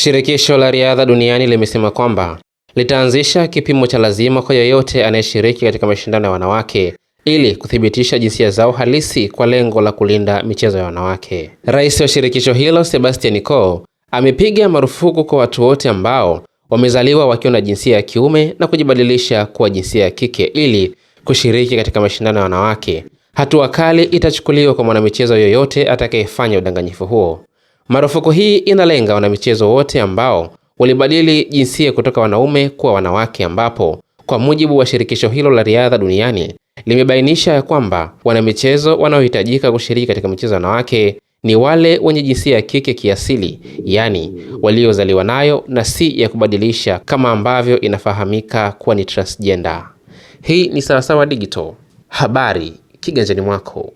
Shirikisho la riadha duniani limesema kwamba litaanzisha kipimo cha lazima kwa yeyote anayeshiriki katika mashindano ya wanawake ili kuthibitisha jinsia zao halisi kwa lengo la kulinda michezo ya wanawake. Rais wa shirikisho hilo Sebastian Coe amepiga marufuku kwa watu wote ambao wamezaliwa wakiwa na jinsia ya kiume na kujibadilisha kuwa jinsia ya kike ili kushiriki katika mashindano ya wanawake. Hatua kali itachukuliwa kwa mwanamichezo yoyote atakayefanya udanganyifu huo. Marufuku hii inalenga wanamichezo wote ambao walibadili jinsia kutoka wanaume kuwa wanawake, ambapo kwa mujibu wa shirikisho hilo la riadha duniani limebainisha ya kwamba wanamichezo wanaohitajika kushiriki katika michezo ya wanawake ni wale wenye jinsia ya kike kiasili, yaani waliozaliwa nayo na si ya kubadilisha kama ambavyo inafahamika kuwa ni transgender. Hii ni Sawasawa Digital, habari kiganjani mwako.